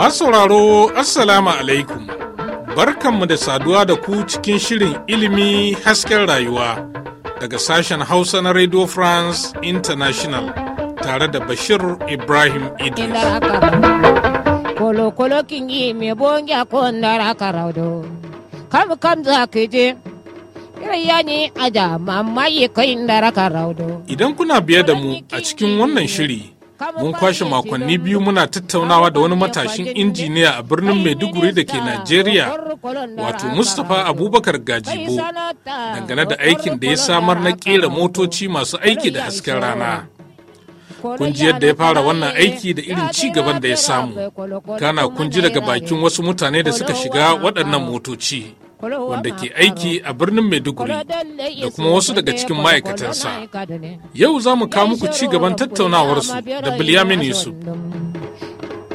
masauraro sauraro Assalamu alaikum, barkanmu da saduwa da ku cikin shirin ilimi hasken rayuwa daga sashen Hausa na Radio France International tare da Bashir Ibrahim Idris. a aja kai raka raudo. Idan kuna biye da mu a cikin wannan shiri, mun kwashe makonni biyu muna tattaunawa da wani matashin injiniya a birnin Maiduguri da ke Najeriya, wato Mustapha Abubakar Gajibo, dangane da aikin da ya samar na kera motoci masu aiki da hasken rana. kun ji yadda ya fara wannan aiki da irin ci gaban da ya samu kana kun ji daga bakin wasu mutane da suka shiga waɗannan motoci wanda ke aiki a birnin Maiduguri da kuma wasu daga cikin ma'aikatansa. Yau za mu kawo muku ci gaban tattaunawarsu da Bilyamin Yusuf.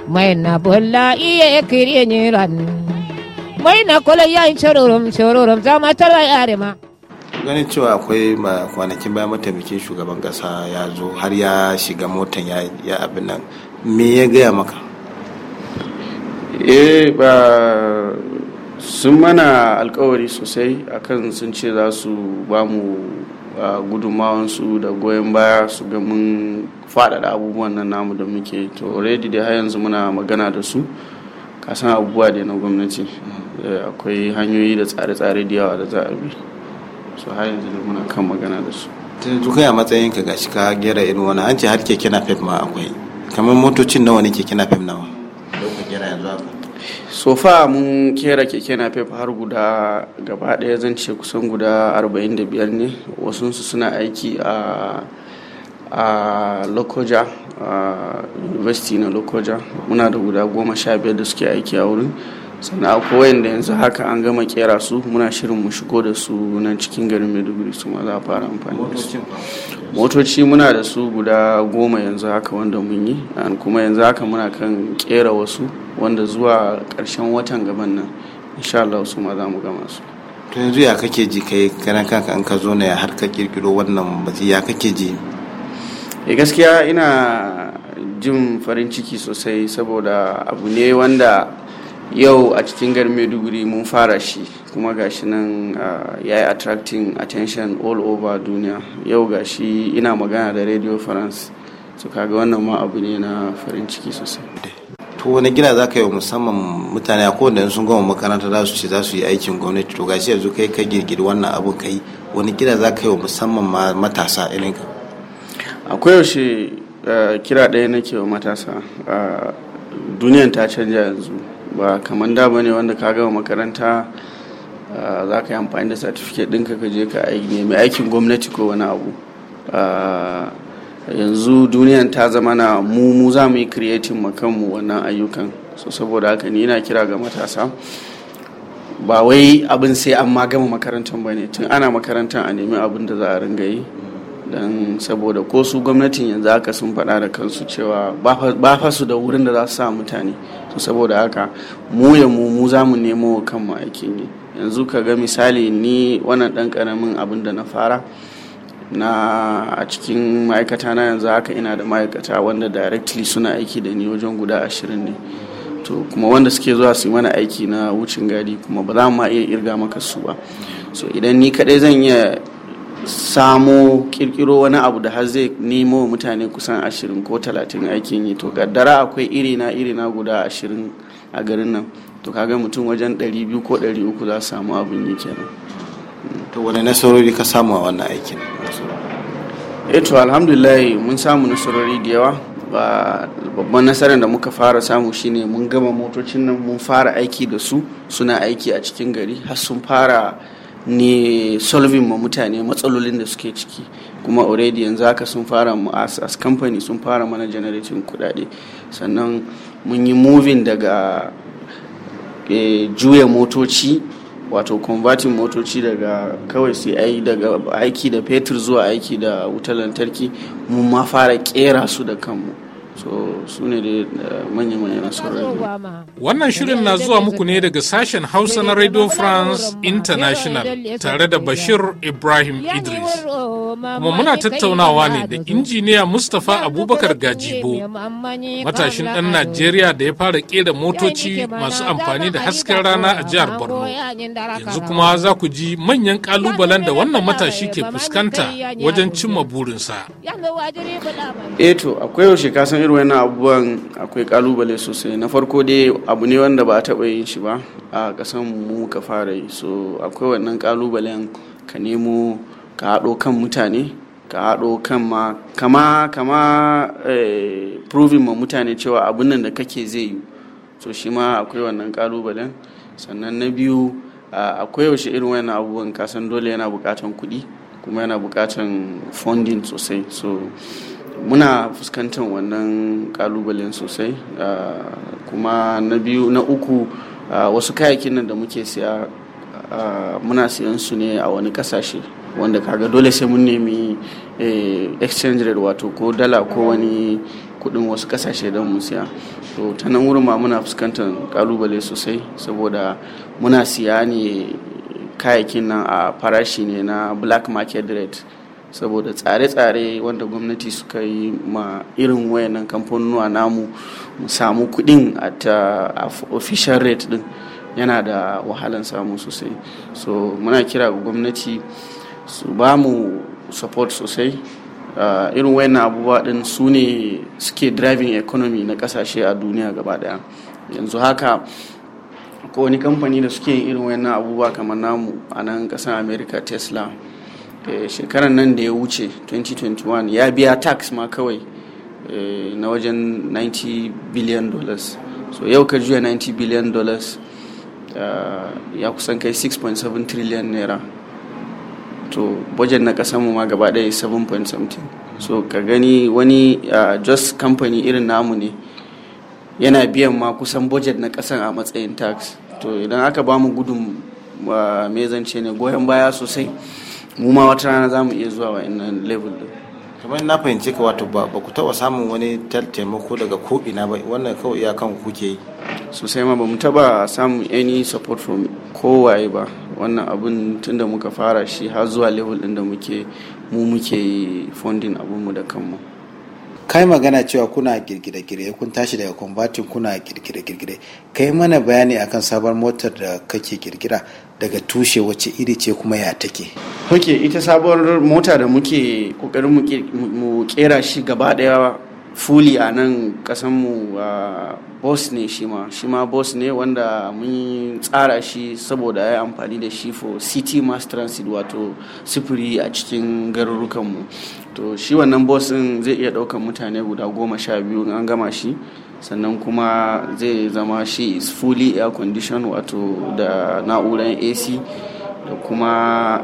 Mai na bolla iya kiri ne ran. Mai na kula yi shororom shororom za ma tara yare ma. ganin cewa akwai kwanakin bayan mataimakin shugaban kasa ya zo har ya shiga motan ya abin nan me ya gaya maka eh ba sun mana alkawari sosai akan sun ce za su ba mu gudunmawansu da goyon baya su ga mun faɗaɗa abubuwan nan namu da muke to already da har yanzu muna magana da su kasan abubuwa da na gwamnati eh, akwai hanyoyi da tsare-tsare da yawa da za a bi su har yanzu da muna kan magana da su to kai a matsayin ka gashi ka gera irin wani an ce har keke na ma akwai kamar motocin nawa ne keke na nawa sofa mun kera keke na fef har guda gaba daya zan ce kusan guda 45 ne wasu suna aiki a a lokoja a university na lokoja muna da guda goma sha biyar da suke aiki a wurin sannan akwai wayanda yanzu haka an gama kera su muna shirin mu shigo da su nan cikin garin maiduguri su ma za a fara amfani da su motoci muna da su guda goma yanzu haka wanda mun yi kuma yanzu haka muna kan kera wasu wanda zuwa karshen watan gaban nan insha Allah su ma za mu gama su to yanzu ya kake ji kai karan kanka an ka zo ne har ka kirkiro wannan batu ya kake ji e gaskiya ina jin farin ciki sosai saboda abu ne wanda yau a cikin garin maiduguri mun fara shi kuma gashi nan ya yi attracting attention all over duniya yau gashi ina magana da radio france su kaga wannan ma abu ne na farin ciki sosai to wani gina za ka yi musamman mutane a kowane sun gama makaranta za su ce za su yi aikin gwamnati to gashi yanzu kai ka girgiri wannan abu kai wani gina za ka yi musamman matasa irin ka akwai yaushe eh, kira ɗaya nake wa matasa ah, duniyan ta canja yanzu ba kamar da bane wanda ka gama makaranta za ka yi amfani da certificate ɗinka ka je ka nemi aikin gwamnati ko wani abu yanzu duniyan ta zama na mu mu za mu yi creating makanmu wannan ayyukan so saboda haka ni yana kira ga matasa ba wai abin sai an ma gama makarantar ba ne tun ana makarantar a nemi abin da za a ringa yi don saboda ko su gwamnatin yanzu haka sun faɗa da kansu cewa ba fa su da wurin da za su sa mutane to saboda haka mu ya mu mu za mu nemo wa kanmu aikin yi yanzu ka ga misali ni wannan ɗan ƙaramin abin da na fara na a cikin ma'aikata na yanzu haka ina da ma'aikata wanda directly suna aiki da ni wajen guda ashirin ne to kuma wanda suke zuwa su yi mana aiki na wucin gadi kuma ba za mu iya irga maka su ba so idan ni kadai zan iya samo kirkiro wani abu da har zai nemo mutane kusan ashirin ko talatin aikin yi to kaddara akwai iri na iri na guda ashirin a garin nan to kaga mutum wajen ɗari biyu ko ɗari uku za su samu abin yi kenan to wani nasarori ka samu a wannan aikin eh to alhamdulillah mun samu nasarori da yawa babban nasarar da muka fara samu shine mun gama motocin nan mun fara aiki da su suna aiki a cikin gari har sun fara ne solving ma mutane matsalolin da suke ciki kuma already yanzu haka sun fara mu as, as company sun fara mana generating kudade sannan mun yi moving daga e, juya motoci wato converting motoci daga kawai sai ai daga aiki da fetur zuwa aiki da wutar lantarki mun ma fara kera su da kanmu so su ne da eh, manya-manyan nasarar wannan shirin na zuwa muku ne daga sashen hausa na radio france international tare da bashir ibrahim idris kuma muna tattaunawa ne da injiniya mustapha abubakar gajibo matashin ɗan najeriya da ya fara ƙera motoci masu amfani da hasken rana a jihar borno yanzu kuma za ku ji manyan kalubalen da wannan matashi ke fuskanta wajen cimma burinsa eh irin wani abubuwan akwai kalubale sosai na farko dai abu ne wanda ba a taɓa yin shi ba a ƙasan mu ka fara yi so akwai wannan kalubalen ka nemo ka haɗo kan mutane ka haɗo kan ma kama kama eh, proving ma mutane cewa abun nan da kake zai yi so shi ma akwai wannan kalubalen sannan na biyu akwai yaushe irin wani abubuwan kasan dole yana buƙatan kuɗi kuma yana buƙatan funding sosai so muna fuskantar wannan kalubalen sosai ah, kuma na biyu na uku ah, wasu kayakin nan da muke siya ah, muna siyan su ne a wani kasashe wanda kaga dole sai mun nemi eh, exchange rate wato ko dala ko wani kudin wasu kasashe don mu siya to ta nan wurin ma muna fuskantar kalubale sosai saboda muna siya ne kayakin nan a farashi ne na black market rate saboda tsare-tsare wanda gwamnati suka yi ma irin wayannan kamfanuwa namu mu samu kudin ta uh, official rate din yana da wahalan samu sosai so muna kira ga gwamnati su ba mu support sosai uh, irin wayannan abubuwa din su ne suke driving economy na kasashe a duniya gaba daya yanzu haka ko wani kamfani da suke yin irin wayannan abubuwa kamar namu a nan kasar america tesla Eh, shekaran nan da ya wuce 2021 ya biya tax ma kawai eh, na wajen 90 billion dollars so yau ka juya 90 billion dollars eh, ya kusan kai 6.7 trillion naira to budget na mu ma gaba ɗaya 7.17 so ka gani wani just company irin namu ne yana biyan ma kusan bajet na kasan a matsayin tax to idan aka ba mu gudun me zance ne goyon baya sosai mu ma wata rana za mu iya zuwa wa innan level din kamar na fahimci ka wato ba ku taɓa samun wani taimako daga ko ina ba wannan kawai kan kuke yi sosai ma ba mu taɓa samun any support from kowaye ba wannan abun tun da muka fara shi har zuwa level din da muke mu muke funding abun mu da kanmu kai magana cewa kuna girgire-gire kun tashi daga kwambatin kuna girgire-girgire kai mana bayani akan sabon motar da kake girgira daga tushe wacce iri ce kuma ya take ok ita sabuwar mota da muke kokarin mu kera shi gaba daya fuli a nan kasanmu boss ne shi ma shi ma boss ne wanda mun tsara shi saboda ya amfani da shi for city mass transit wato sufuri a cikin garurukanmu to shi wannan boss din zai iya ɗaukan mutane guda goma sha biyu an gama shi sannan kuma zai zama shi is fully air condition wato da na'urar ac da kuma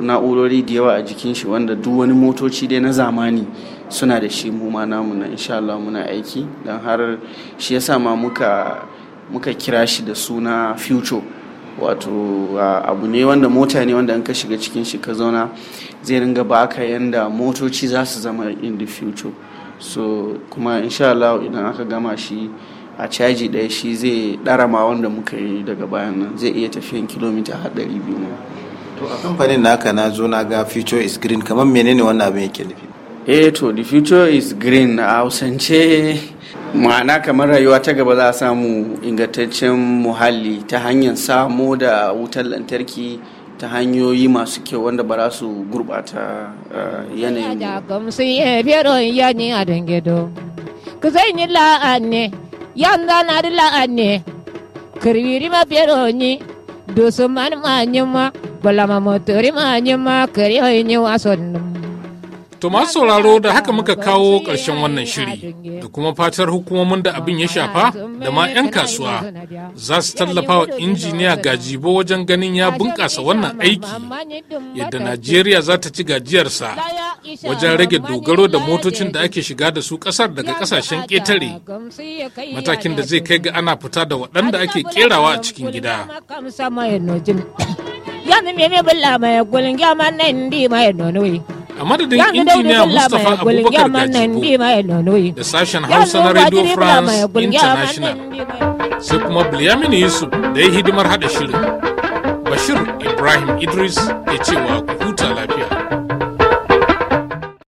na'urori da yawa a jikin shi wanda duk wani motoci dai na zamani suna da shi mu ma namu na insha Allah muna aiki don har shi yasa ma muka muka kira shi da suna future wato abu ne wanda mota ne wanda in ka shiga cikin shi ka zauna zai ringa baka yanda motoci za su zama in the future so kuma insha Allah idan aka gama shi a caji ɗaya shi zai ɗara ma wanda muka yi daga bayan nan zai iya tafiyan kilomita har ɗari biyu ma. to a kamfanin naka na zo na ga future is green kamar menene wannan abin yake nufi. eh to the future is green a hausance ma'ana kamar rayuwa ta gaba za a samu ingantaccen muhalli ta hanyar samo da wutar lantarki ta hanyoyi masu kyau wanda ba za su gurɓata eh, yanayin. da gamsu eh, ya fiye da ni a dangido, Ku zai yi la'an ne. yanda na da la'ani kirwiri ma fiyaroni dusu ma ni ma nyima bala ma motori ma nyima kiri hoyi ni wa sonnum To masu sauraro da haka muka kawo ƙarshen wannan shiri da kuma fatar hukumomin da abin ya shafa da ma 'yan kasuwa za su tallafa wa injiniya gajibo wajen ganin ya bunƙasa wannan aiki yadda Najeriya za ta ci gajiyarsa wajen rage dogaro da motocin da ake shiga da su ƙasar daga ƙasashen ƙetare matakin da zai kai ga ana fita da waɗanda ake ƙerawa a cikin gida. yanzu gulin nan di mai a madadin injiniya mustapha abubakar gajibo da sashen hausa na radio france international sai kuma mini yusuf da ya hidimar hada shirin bashir ibrahim idris ya cewa ku huta lafiya